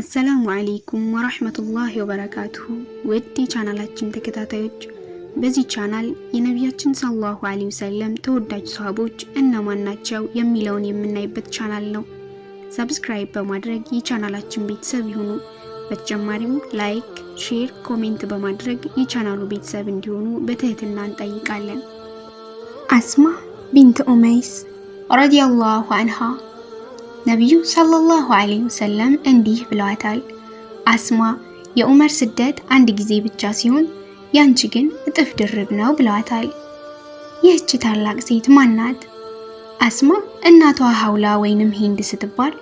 አሰላሙ አለይኩም ወራህመቱላሂ ወበረካቱሁ ውድ የቻናላችን ተከታታዮች በዚህ ቻናል የነቢያችን ሰለላሁ ዐለይሂ ወሰለም ተወዳጅ ሰሃቦች እነማን ናቸው የሚለውን የምናይበት ቻናል ነው። ሰብስክራይብ በማድረግ የቻናላችን ቤተሰብ ይሁኑ። በተጨማሪም ላይክ፣ ሼር፣ ኮሜንት በማድረግ የቻናሉ ቤተሰብ እንዲሆኑ በትህትና እንጠይቃለን። አስማ ቢንት ኡመይስ ረዲየላሁ አንሃ ነቢዩ ሰለላሁ ዐለይሂ ወሰለም እንዲህ ብለዋታል፣ አስማ የዑመር ስደት አንድ ጊዜ ብቻ ሲሆን ያንቺ ግን እጥፍ ድርብ ነው ብለዋታል። ይህች ታላቅ ሴት ማናት? አስማ እናቷ ሐውላ ወይንም ሂንድ ስትባል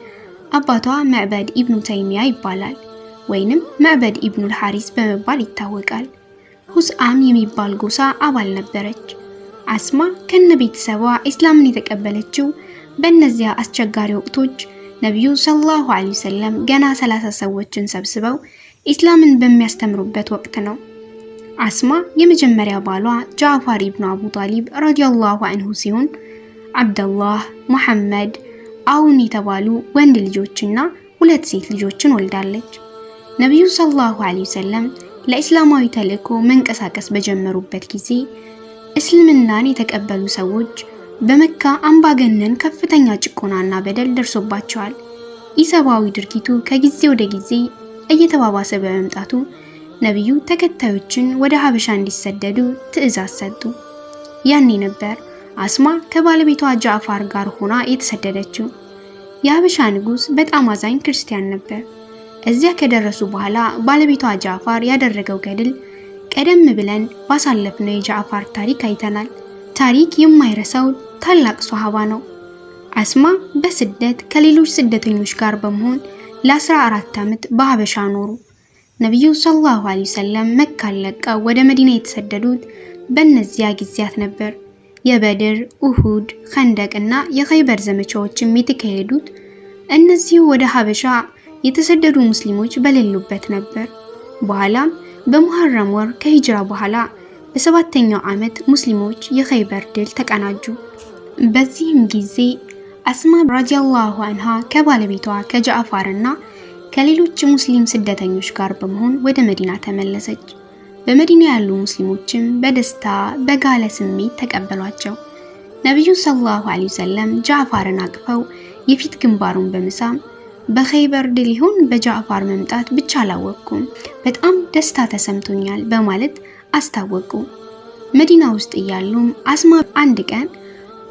አባቷ መዕበድ ኢብኑ ተይሚያ ይባላል ወይንም መዕበድ ኢብኑል ሐሪስ በመባል ይታወቃል። ሁስአም የሚባል ጎሳ አባል ነበረች። አስማ ከነ ቤተሰቧ እስላምን የተቀበለችው በእነዚያ አስቸጋሪ ወቅቶች ነቢዩ ሰለላሁ ዐለይሂ ወሰለም ገና ሰላሳ ሰዎችን ሰብስበው ኢስላምን በሚያስተምሩበት ወቅት ነው። አስማ የመጀመሪያ ባሏ ጃዕፋር ኢብኑ አቡ ጣሊብ ረዲየላሁ አንሁ ሲሆን አብደላህ፣ መሐመድ፣ አውን የተባሉ ወንድ ልጆችና ሁለት ሴት ልጆችን ወልዳለች። ነቢዩ ሰለላሁ ዐለይሂ ወሰለም ለእስላማዊ ተልእኮ መንቀሳቀስ በጀመሩበት ጊዜ እስልምናን የተቀበሉ ሰዎች በመካ አምባገነን ከፍተኛ ጭቆናና በደል ደርሶባቸዋል። ኢሰብአዊ ድርጊቱ ከጊዜ ወደ ጊዜ እየተባባሰ በመምጣቱ ነቢዩ ተከታዮችን ወደ ሀበሻ እንዲሰደዱ ትዕዛዝ ሰጡ። ያኔ ነበር አስማ ከባለቤቷ ጃዕፋር ጋር ሆና የተሰደደችው። የሀበሻ ንጉስ በጣም አዛኝ ክርስቲያን ነበር። እዚያ ከደረሱ በኋላ ባለቤቷ ጃዕፋር ያደረገው ገድል ቀደም ብለን ባሳለፍነው የጃዕፋር ታሪክ አይተናል። ታሪክ የማይረሳው ታላቅ ሷሃባ ነው። አስማ በስደት ከሌሎች ስደተኞች ጋር በመሆን ለ14 ዓመት በሀበሻ ኖሩ። ነቢዩ ሰለላሁ ዐለይሂ ወሰለም መካን ለቀው ወደ መዲና የተሰደዱት በእነዚያ ጊዜያት ነበር። የበድር፣ ኡሁድ፣ እና የኸይበር ዘመቻዎችም የተካሄዱት እነዚሁ ወደ ሀበሻ የተሰደዱ ሙስሊሞች በሌሉበት ነበር። በኋላም በሙሐረም ወር ከሂጅራ በኋላ በሰባተኛው ዓመት ሙስሊሞች የኸይበር ድል ተቀናጁ። በዚህም ጊዜ አስማ ራዲያላሁ አንሃ ከባለቤቷ ከጃዕፋር እና ከሌሎች ሙስሊም ስደተኞች ጋር በመሆን ወደ መዲና ተመለሰች። በመዲና ያሉ ሙስሊሞችም በደስታ በጋለ ስሜት ተቀበሏቸው። ነቢዩ ሰለላሁ ዐለይሂ ወሰለም ጃዕፋርን አቅፈው የፊት ግንባሩን በመሳም በኸይበር ድል ይሁን በጃዕፋር መምጣት ብቻ አላወቅኩም፣ በጣም ደስታ ተሰምቶኛል በማለት አስታወቁ። መዲና ውስጥ እያሉም አስማ አንድ ቀን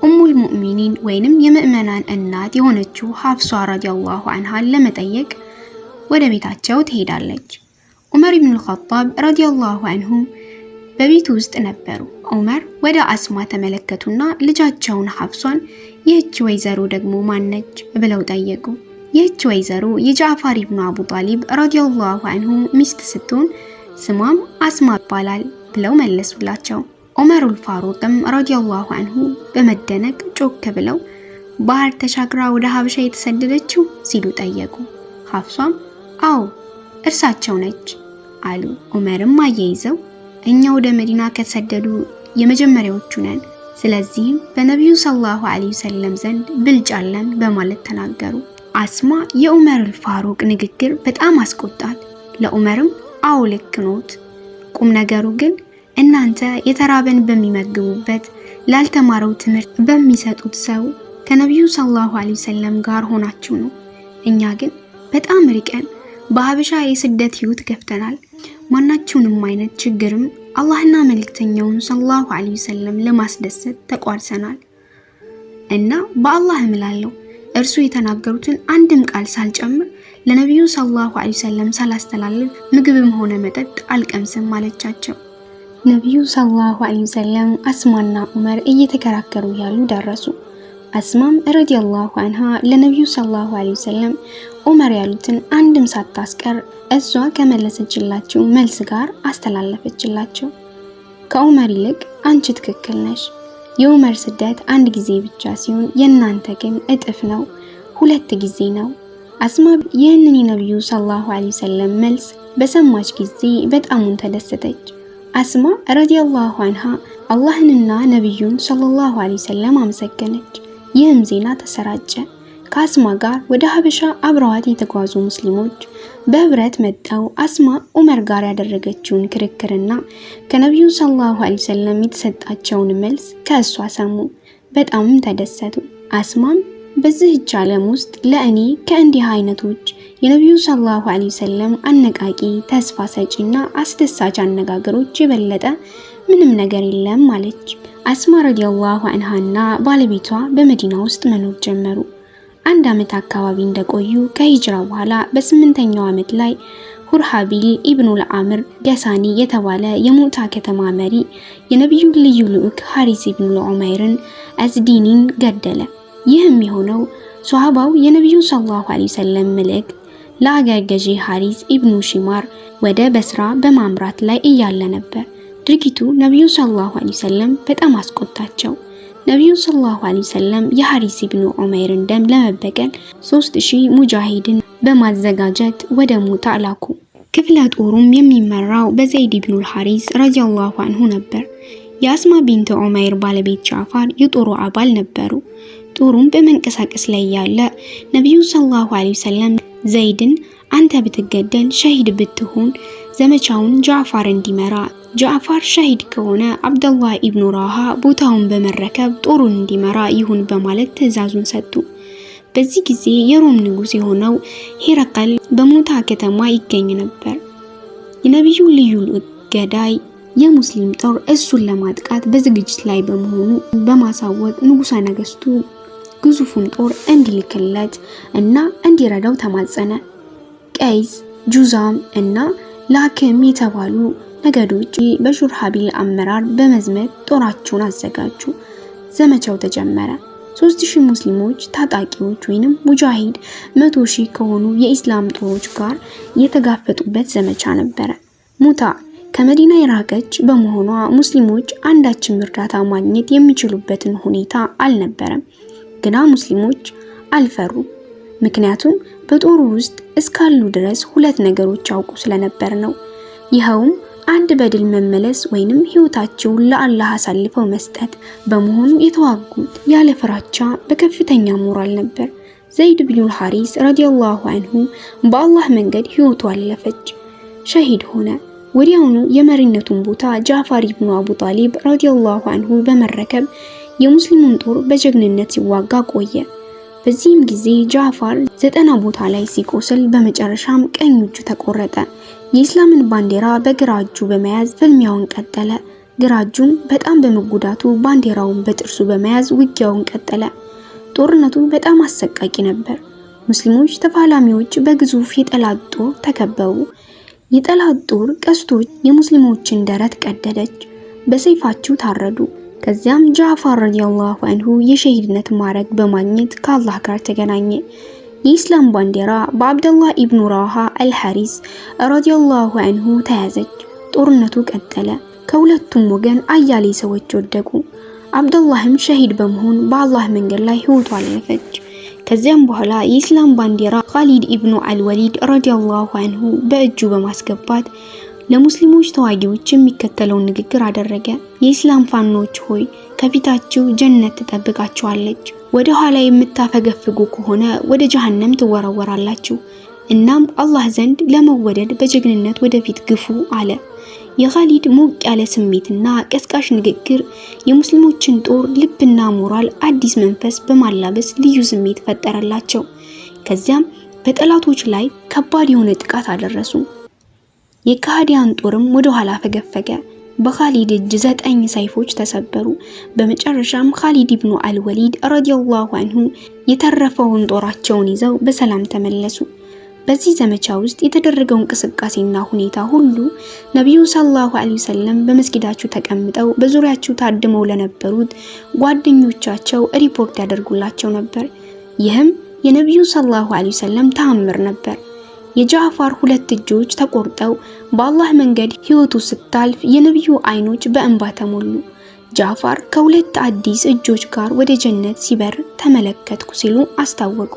ኡሙል ሙእሚኒን ወይንም የምእመናን እናት የሆነችው ሀፍሷ ረዲያላሁ አንሃን ለመጠየቅ ወደ ቤታቸው ትሄዳለች። ዑመር ኢብኑል ኸጣብ ረዲያላሁ አንሁ በቤት ውስጥ ነበሩ። ዑመር ወደ አስማ ተመለከቱና ልጃቸውን ሀፍሷን ይህች ወይዘሮ ደግሞ ማነች ብለው ጠየቁ። ይህች ወይዘሮ የጃዕፋር ኢብኑ አቡ ጣሊብ ረዲያላሁ አንሁ ሚስት ስትሆን ስሟም አስማ ይባላል ብለው መለሱላቸው። ዑመሩል ፋሩቅም ረዲየላሁ አንሁ በመደነቅ ጮክ ብለው ባህር ተሻግራ ወደ ሀበሻ የተሰደደችው ሲሉ ጠየቁ። ሀፍሷም አዎ እርሳቸው ነች አሉ። ዑመርም አያይዘው እኛ ወደ መዲና ከተሰደዱ የመጀመሪያዎቹ ነን፣ ስለዚህም በነቢዩ ሰለላሁ ዐለይሂ ወሰለም ዘንድ ብልጫለን በማለት ተናገሩ። አስማ የዑመሩል ፋሩቅ ንግግር በጣም አስቆጣል። ለዑመርም አዎ ልክ ኖት። ቁም ነገሩ ግን እናንተ የተራበን በሚመግቡበት ላልተማረው ትምህርት በሚሰጡት ሰው ከነቢዩ ሰለላሁ ዐለይሂ ወሰለም ጋር ሆናችሁ ነው። እኛ ግን በጣም ርቀን በሀበሻ የስደት ህይወት ገፍተናል። ማናችሁንም አይነት ችግርም አላህና መልእክተኛውን ሰለላሁ ዐለይሂ ወሰለም ለማስደሰት ተቋርሰናል እና በአላህ እምላለሁ እርሱ የተናገሩትን አንድም ቃል ሳልጨምር ለነቢዩ ሰለላሁ ዐለይሂ ወሰለም ሳላስተላልፍ ምግብም ሆነ መጠጥ አልቀምስም አለቻቸው። ነቢዩ ሰለላሁ ዐለይሂ ወሰለም አስማና ዑመር እየተከራከሩ ያሉ ደረሱ። አስማም ረዲየላሁ አንሃ ለነቢዩ ሰለላሁ ዐለይሂ ወሰለም ዑመር ያሉትን አንድም ሳታስቀር እሷ ከመለሰችላቸው መልስ ጋር አስተላለፈችላቸው። ከዑመር ይልቅ አንቺ ትክክል ነሽ። የዑመር ስደት አንድ ጊዜ ብቻ ሲሆን የእናንተ ግን እጥፍ ነው፣ ሁለት ጊዜ ነው አስማ ይህንን የነቢዩ ሰለላሁ ዐለይሂ ወሰለም መልስ በሰማች ጊዜ በጣሙን ተደሰተች። አስማ ረዲየላሁ አንሃ አላህንና ነቢዩን ሰለላሁ ዐለይሂ ወሰለም አመሰገነች። ይህም ዜና ተሰራጨ። ከአስማ ጋር ወደ ሀበሻ አብረዋት የተጓዙ ሙስሊሞች በህብረት መጠው አስማ ዑመር ጋር ያደረገችውን ክርክርና ከነቢዩ ሰለላሁ ዐለይሂ ወሰለም የተሰጣቸውን መልስ ከእሷ ሰሙ። በጣምም ተደሰቱ። አስማም በዚህች ዓለም ውስጥ ለእኔ ከእንዲህ አይነቶች የነቢዩ ሰለላሁ ዐለይሂ ወሰለም አነቃቂ ተስፋ ሰጪና አስደሳች አነጋገሮች የበለጠ ምንም ነገር የለም አለች። አስማ ረዲየላሁ አንሃና ባለቤቷ በመዲና ውስጥ መኖር ጀመሩ። አንድ ዓመት አካባቢ እንደቆዩ ከሂጅራ በኋላ በስምንተኛው ዓመት ላይ ሁርሃቢል ኢብኑል አምር ገሳኒ የተባለ የሙታ ከተማ መሪ የነቢዩን ልዩ ልዑክ ሐሪስ ኢብኑል ዑመይርን አዝዲኒን ገደለ። ይህም የሆነው ሶሃባው የነቢዩ ሰለላሁ ዐለይሂ ወሰለም መልእክት ለአገር ገዢ ሐሪስ ኢብኑ ሺማር ወደ በስራ በማምራት ላይ እያለ ነበር። ድርጊቱ ነቢዩ ሰለላሁ ዐለይሂ ወሰለም በጣም አስቆጣቸው። ነቢዩ ሰለላሁ ዐለይሂ ወሰለም የሐሪስ ኢብኑ ዑመይርን ደም ለመበቀል ሶስት ሺህ ሙጃሂድን በማዘጋጀት ወደ ሞታ ላኩ። ክፍለ ጦሩም የሚመራው በዘይድ ኢብኑል ሐሪስ ረዲየላሁ ዐንሁ ነበር። የአስማ ቢንት ዑመይር ባለቤት ጃፋር የጦሩ አባል ነበሩ። ጦሩን በመንቀሳቀስ ላይ ያለ ነቢዩ ሰለላሁ ዐለይሂ ወሰለም ዘይድን አንተ ብትገደል ሸሂድ ብትሆን ዘመቻውን ጃዕፋር እንዲመራ ጃዕፋር ሸሂድ ከሆነ አብደላህ ኢብኑ ራሃ ቦታውን በመረከብ ጦሩን እንዲመራ ይሁን በማለት ትዕዛዙን ሰጡ። በዚህ ጊዜ የሮም ንጉስ የሆነው ሄረቀል በሞታ ከተማ ይገኝ ነበር። የነቢዩ ልዩ ገዳይ የሙስሊም ጦር እሱን ለማጥቃት በዝግጅት ላይ በመሆኑ በማሳወቅ ንጉሠ ነገስቱ ግዙፉን ጦር እንዲልክለት እና እንዲረዳው ተማጸነ። ቀይስ ጁዛም እና ላክም የተባሉ ነገዶች በሹርሃቢል አመራር በመዝመት ጦራቸውን አዘጋጁ። ዘመቻው ተጀመረ። ሶስት ሺህ ሙስሊሞች ታጣቂዎች ወይንም ሙጃሂድ መቶ ሺህ ከሆኑ የኢስላም ጦሮች ጋር የተጋፈጡበት ዘመቻ ነበረ። ሙታ ከመዲና የራቀች በመሆኗ ሙስሊሞች አንዳችም እርዳታ ማግኘት የሚችሉበትን ሁኔታ አልነበረም። ግና ሙስሊሞች አልፈሩ ምክንያቱም በጦሩ ውስጥ እስካሉ ድረስ ሁለት ነገሮች ያውቁ ስለነበር ነው። ይኸውም አንድ በድል መመለስ ወይንም ህይወታቸውን ለአላህ አሳልፈው መስጠት በመሆኑ የተዋጉት ያለ ፍራቻ በከፍተኛ ሞራል ነበር። ዘይድ ብኑል ሐሪስ ረዲየላሁ አንሁ በአላህ መንገድ ህይወቱ አለፈች፣ ሸሂድ ሆነ። ወዲያውኑ የመሪነቱን ቦታ ጃፋር ብኑ አቡ ጣሊብ ረዲየላሁ አንሁ በመረከብ የሙስሊሙን ጦር በጀግንነት ሲዋጋ ቆየ። በዚህም ጊዜ ጃፋር ዘጠና ቦታ ላይ ሲቆስል በመጨረሻም ቀኝ እጁ ተቆረጠ። የኢስላምን ባንዲራ በግራ እጁ በመያዝ ፍልሚያውን ቀጠለ። ግራ እጁም በጣም በመጎዳቱ ባንዲራውን በጥርሱ በመያዝ ውጊያውን ቀጠለ። ጦርነቱ በጣም አሰቃቂ ነበር። ሙስሊሞች ተፋላሚዎች በግዙፍ የጠላት ጦር ተከበቡ። የጠላት ጦር ቀስቶች የሙስሊሞችን ደረት ቀደደች። በሰይፋቸው ታረዱ። ከዚያም ጃዕፋር ረዲየላሁ አንሁ የሸሂድነት ማዕረግ በማግኘት ከአላህ ጋር ተገናኘ። የኢስላም ባንዲራ በአብደላህ ኢብኑ ራዋሃ አልሐሪስ ረዲየላሁ አንሁ ተያዘች። ጦርነቱ ቀጠለ። ከሁለቱም ወገን አያሌ ሰዎች ወደቁ። አብደላህም ሸሂድ በመሆን በአላህ መንገድ ላይ ህይወቱ አለፈች። ከዚያም በኋላ የኢስላም ባንዲራ ካሊድ ኢብኑ አልወሊድ ረዲየላሁ አንሁ በእጁ በማስገባት ለሙስሊሞች ተዋጊዎች የሚከተለውን ንግግር አደረገ። የኢስላም ፋኖች ሆይ ከፊታችሁ ጀነት ትጠብቃችኋለች። ወደ ኋላ የምታፈገፍጉ ከሆነ ወደ ጀሃነም ትወረወራላችሁ። እናም አላህ ዘንድ ለመወደድ በጀግንነት ወደፊት ግፉ አለ። የኻሊድ ሞቅ ያለ ስሜትና ቀስቃሽ ንግግር የሙስሊሞችን ጦር ልብና ሞራል አዲስ መንፈስ በማላበስ ልዩ ስሜት ፈጠረላቸው። ከዚያም በጠላቶች ላይ ከባድ የሆነ ጥቃት አደረሱ። የካህዲያን ጦርም ወደ ኋላ ፈገፈገ። በኻሊድ እጅ ዘጠኝ ሰይፎች ተሰበሩ። በመጨረሻም ኻሊድ ኢብኑ አልወሊድ ረዲየላሁ አንሁ የተረፈውን ጦራቸውን ይዘው በሰላም ተመለሱ። በዚህ ዘመቻ ውስጥ የተደረገው እንቅስቃሴና ሁኔታ ሁሉ ነቢዩ ሰለላሁ ዐለይሂ ወሰለም በመስጊዳቸው ተቀምጠው በዙሪያቸው ታድመው ለነበሩት ጓደኞቻቸው ሪፖርት ያደርጉላቸው ነበር። ይህም የነቢዩ ሰለላሁ ዐለይሂ ወሰለም ተአምር ነበር። የጃዕፋር ሁለት እጆች ተቆርጠው በአላህ መንገድ ሕይወቱ ስታልፍ የነቢዩ አይኖች በእንባ ተሞሉ። ጃዕፋር ከሁለት አዲስ እጆች ጋር ወደ ጀነት ሲበር ተመለከትኩ ሲሉ አስታወቁ።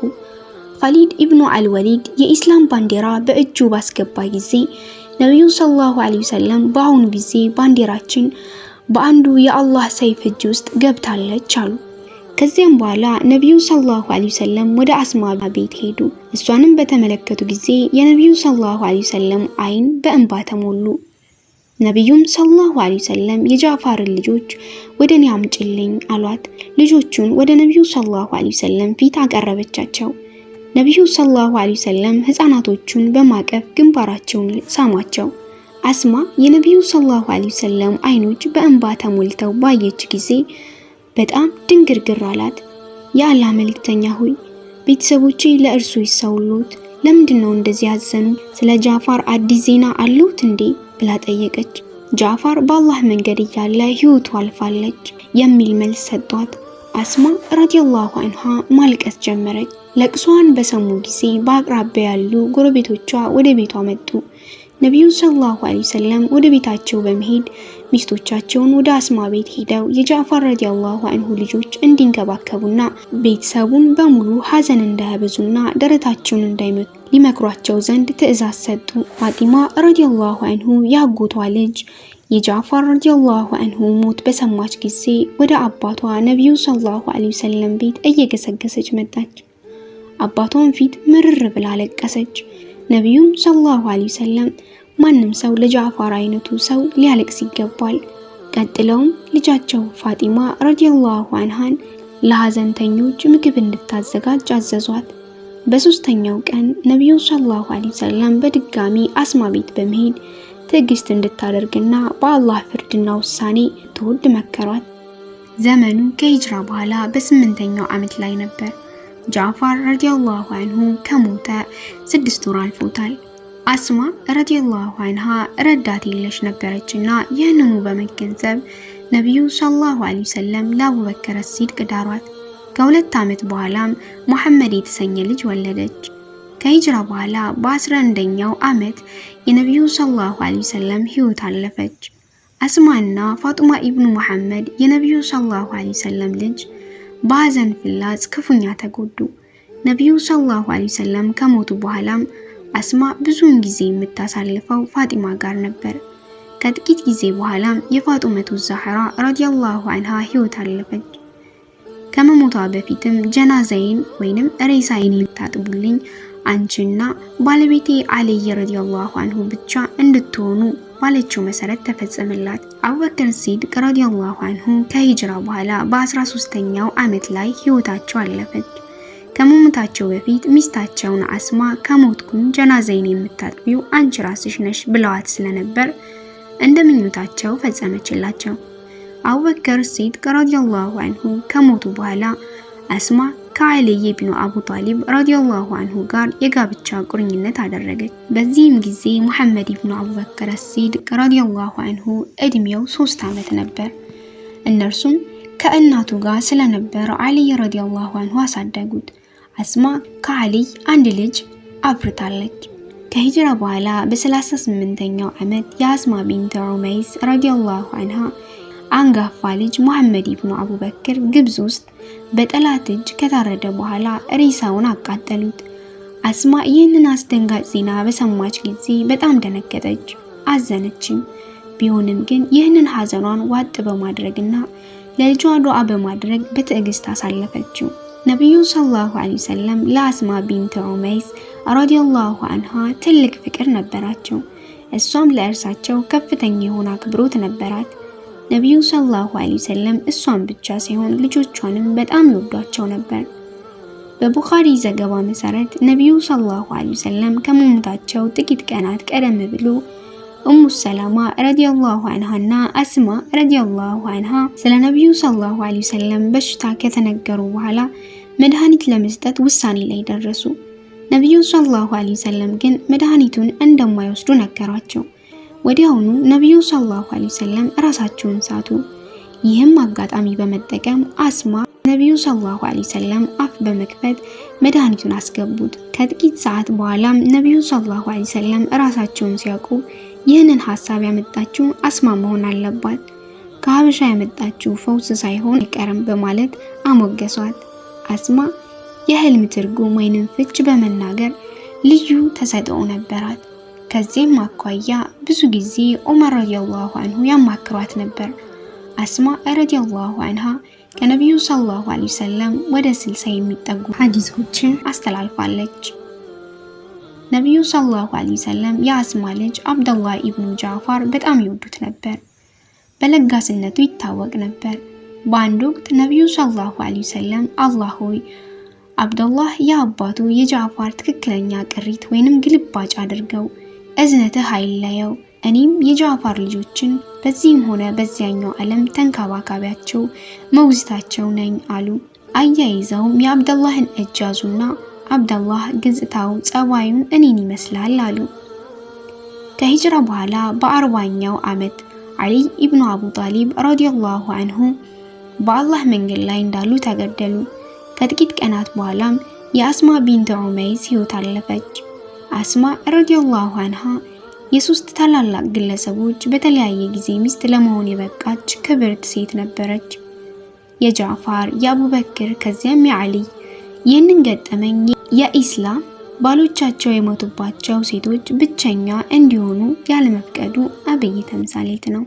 ኻሊድ ኢብኑ አልወሊድ የኢስላም ባንዲራ በእጁ ባስገባ ጊዜ ነቢዩ ሰለላሁ ዐለይሂ ወሰለም በአሁኑ ጊዜ ባንዲራችን በአንዱ የአላህ ሰይፍ እጅ ውስጥ ገብታለች አሉ። ከዚያም በኋላ ነቢዩ ሰለላሁ ዐለይሂ ወሰለም ወደ አስማ ቤት ሄዱ። እሷንም በተመለከቱ ጊዜ የነቢዩ ሰለላሁ ዐለይሂ ወሰለም አይን በእንባ ተሞሉ። ነቢዩም ሰለላሁ ዐለይሂ ወሰለም የጃፋርን ልጆች ወደ እኔ አምጪልኝ አሏት። ልጆቹን ወደ ነቢዩ ሰለላሁ ዐለይሂ ወሰለም ፊት አቀረበቻቸው። ነቢዩ ሰለላሁ ዐለይሂ ወሰለም ህፃናቶቹን በማቀፍ ግንባራቸውን ሳሟቸው። አስማ የነቢዩ ሰለላሁ ዐለይሂ ወሰለም አይኖች በእንባ ተሞልተው ባየች ጊዜ በጣም ድንግርግር አላት። የአላህ መልእክተኛ ሆይ ቤተሰቦቼ ለእርሱ ይሰውሉት፣ ለምንድን ነው እንደዚህ ያዘኑ? ስለ ጃፋር አዲስ ዜና አለሁት እንዴ ብላ ጠየቀች። ጃፋር በአላህ መንገድ እያለ ህይወቱ አልፋለች የሚል መልስ ሰጧት። አስማ ረዲየላሁ አንሃ ማልቀስ ጀመረች። ለቅሷን በሰሙ ጊዜ በአቅራቢያ ያሉ ጎረቤቶቿ ወደ ቤቷ መጡ። ነቢዩ ሰለላሁ ዐለይሂ ወሰለም ወደ ቤታቸው በመሄድ ሚስቶቻቸውን ወደ አስማ ቤት ሄደው የጃዕፈር ረዲያላሁ አንሁ ልጆች እንዲንከባከቡና ቤተሰቡን በሙሉ ሀዘን እንዳያበዙና ደረታቸውን እንዳይመቱ ሊመክሯቸው ዘንድ ትእዛዝ ሰጡ። ፋጢማ ረዲያላሁ አንሁ ያጎቷ ልጅ የጃዕፈር ረዲያላሁ አንሁ ሞት በሰማች ጊዜ ወደ አባቷ ነቢዩ ሰለላሁ ዐለይሂ ወሰለም ቤት እየገሰገሰች መጣች። አባቷን ፊት ምርር ብላ ለቀሰች። ነቢዩም ሰለላሁ ዐለይሂ ወሰለም ማንም ሰው ለጃፋር አይነቱ ሰው ሊያለቅስ ይገባል። ቀጥለውም ልጃቸው ፋጢማ ረዲየላሁ አንሃን ለሐዘንተኞች ምግብ እንድታዘጋጅ አዘዟት። በሶስተኛው ቀን ነቢዩ ሰለላሁ ዐለይሂ ወሰለም በድጋሚ አስማ ቤት በመሄድ ትዕግስት እንድታደርግና በአላህ ፍርድና ውሳኔ ትወድ መከሯት። ዘመኑ ከሂጅራ በኋላ በስምንተኛው ዓመት ላይ ነበር። ጃፋር ረዲየላሁ አንሁ ከሞተ ስድስት ወር አልፎታል። አስማ ረዲየላሁ አንሃ ረዳት የለሽ ነበረችና ይህንኑ በመገንዘብ ነቢዩ ሰለላሁ ዐለይሂ ወሰለም ለአቡበከር ሲድቅ ዳሯት። ከሁለት ዓመት በኋላም መሐመድ የተሰኘ ልጅ ወለደች። ከሂጅራ በኋላ በአስራ አንደኛው ዓመት የነቢዩ ሰለላሁ ዐለይሂ ወሰለም ሕይወት አለፈች። አስማና ፋጡማ ኢብኑ ሙሐመድ የነቢዩ ሰለላሁ ዐለይሂ ወሰለም ልጅ በሐዘን ፍላጽ ክፉኛ ተጎዱ። ነቢዩ ሰለላሁ ዐለይሂ ወሰለም ከሞቱ በኋላም አስማ ብዙውን ጊዜ የምታሳልፈው ፋጢማ ጋር ነበር። ከጥቂት ጊዜ በኋላም የፋጡመቱ ዛህራ ረዲያላሁ አንሃ ህይወት አለፈች። ከመሞቷ በፊትም ጀናዛይን ወይንም ሬሳይን የምታጥቡልኝ አንቺና ባለቤቴ አልይ ረዲያላሁ አንሁ ብቻ እንድትሆኑ ባለችው መሰረት ተፈጸመላት። አቡበክር ሲድቅ ረዲያላሁ አንሁ ከሂጅራ በኋላ በ 13 ኛው ዓመት ላይ ህይወታቸው አለፈች። ከመሞታቸው በፊት ሚስታቸውን አስማ ከሞትኩኝ ጀናዛዬን የምታጥቢው አንቺ ራስሽ ነሽ ብለዋት ስለነበር እንደ ምኞታቸው ፈጸመችላቸው። አቡበከር ሲድቅ ረዲየላሁ አንሁ ከሞቱ በኋላ አስማ ከአልይ ብኑ አቡ ጣሊብ ረዲየላሁ አንሁ ጋር የጋብቻ ቁርኝነት አደረገች። በዚህም ጊዜ ሙሐመድ ብኑ አቡበከር ሲድቅ ረዲየላሁ አንሁ እድሜው ሶስት ዓመት ነበር። እነርሱም ከእናቱ ጋር ስለነበረ አልይ ረዲየላሁ አንሁ አሳደጉት። አስማ ከአሊይ አንድ ልጅ አፍርታለች። ከሂጅራ በኋላ በ38ኛው ዓመት የአስማ ቢንት ዑመይስ ረዲየላሁ አንሃ አንጋፋ ልጅ መሐመድ ኢብኑ አቡበክር ግብፅ ውስጥ በጠላት እጅ ከታረደ በኋላ ሬሳውን አቃጠሉት። አስማ ይህንን አስደንጋጭ ዜና በሰማች ጊዜ በጣም ደነገጠች፣ አዘነችም። ቢሆንም ግን ይህንን ሐዘኗን ዋጥ በማድረግና ለልጇ ዱዓ በማድረግ በትዕግስት አሳለፈችው። ነቢዩ ሰለላሁ ዐለይሂ ወሰለም ለአስማ ቢንት ዑመይስ ረዲየላሁ አንሃ ትልቅ ፍቅር ነበራቸው። እሷም ለእርሳቸው ከፍተኛ የሆነ አክብሮት ነበራት። ነቢዩ ሰለላሁ ዐለይሂ ወሰለም እሷን ብቻ ሳይሆን ልጆቿንም በጣም ይወዷቸው ነበር። በቡኻሪ ዘገባ መሰረት ነቢዩ ሰለላሁ ዐለይሂ ወሰለም ከመሞታቸው ጥቂት ቀናት ቀደም ብሎ ኡሙ ሰላማ ረዲየላሁ እና አስማ ረዲየላሁ አንሃ ስለ ነቢዩ ሰለላሁ ዐለይሂ ወሰለም በሽታ ከተነገሩ በኋላ መድኃኒት ለመስጠት ውሳኔ ላይ ደረሱ። ነቢዩ ሰለላሁ ዐለይሂ ወሰለም ግን መድኃኒቱን እንደማይወስዱ ነገሯቸው። ወዲያውኑ ነቢዩ ሰለላሁ ዐለይሂ ወሰለም ራሳቸውን ሳቱ። ይህም አጋጣሚ በመጠቀም አስማ ነቢዩ ሰለላሁ ዐለይሂ ወሰለም አፍ በመክፈት መድኃኒቱን አስገቡት። ከጥቂት ሰዓት በኋላም ነቢዩ ሰለላሁ ዐለይሂ ወሰለም ራሳቸውን ሲያውቁ ይህንን ሀሳብ ያመጣችው አስማ መሆን አለባት፣ ከሀበሻ ያመጣችው ፈውስ ሳይሆን አይቀርም በማለት አሞገሷት። አስማ የህልም ትርጉም ወይንም ፍች በመናገር ልዩ ተሰጥኦ ነበራት። ከዚህም አኳያ ብዙ ጊዜ ዑመር ረዲየላሁ አንሁ ያማክሯት ነበር። አስማ ረዲየላሁ አንሃ ከነቢዩ ሰለላሁ ዐለይሂ ወሰለም ወደ ስልሳ የሚጠጉ ሀዲሶችን አስተላልፋለች። ነቢዩ ሰለላሁ ዐለይሂ ወሰለም የአስማ ልጅ አብደላህ ኢብኑ ጃፋር በጣም ይወዱት ነበር። በለጋስነቱ ይታወቅ ነበር። በአንድ ወቅት ነቢዩ ሰለላሁ ዐለይሂ ወሰለም አላህ ሆይ አብደላህ የአባቱ የጃፋር ትክክለኛ ቅሪት ወይንም ግልባጭ አድርገው፣ እዝነትህ አይለየው። እኔም የጃፋር ልጆችን በዚህም ሆነ በዚያኛው ዓለም ተንከባካቢያቸው፣ መውዝታቸው ነኝ አሉ። አያይዘውም የአብደላህን እጅ ያዙና አብደላህ ገጽታው ጸባዩን እኔን ይመስላል አሉ። ከሂጅራ በኋላ በአርባኛው ዓመት አሊይ ኢብኑ አቡ ጣሊብ ረዲየላሁ አንሁ በአላህ መንገድ ላይ እንዳሉ ተገደሉ። ከጥቂት ቀናት በኋላም የአስማ ቢንት ዑመይስ ሕይወት አለፈች። አስማ ረዲየላሁ አንሃ የሶስት ታላላቅ ግለሰቦች በተለያየ ጊዜ ሚስት ለመሆን የበቃች ክብርት ሴት ነበረች። የጃዕፋር፣ የአቡበክር ከዚያም የአሊይ ይህንን ገጠመኝ የኢስላም ባሎቻቸው የሞቱባቸው ሴቶች ብቸኛ እንዲሆኑ ያለመፍቀዱ አብይ ተምሳሌት ነው።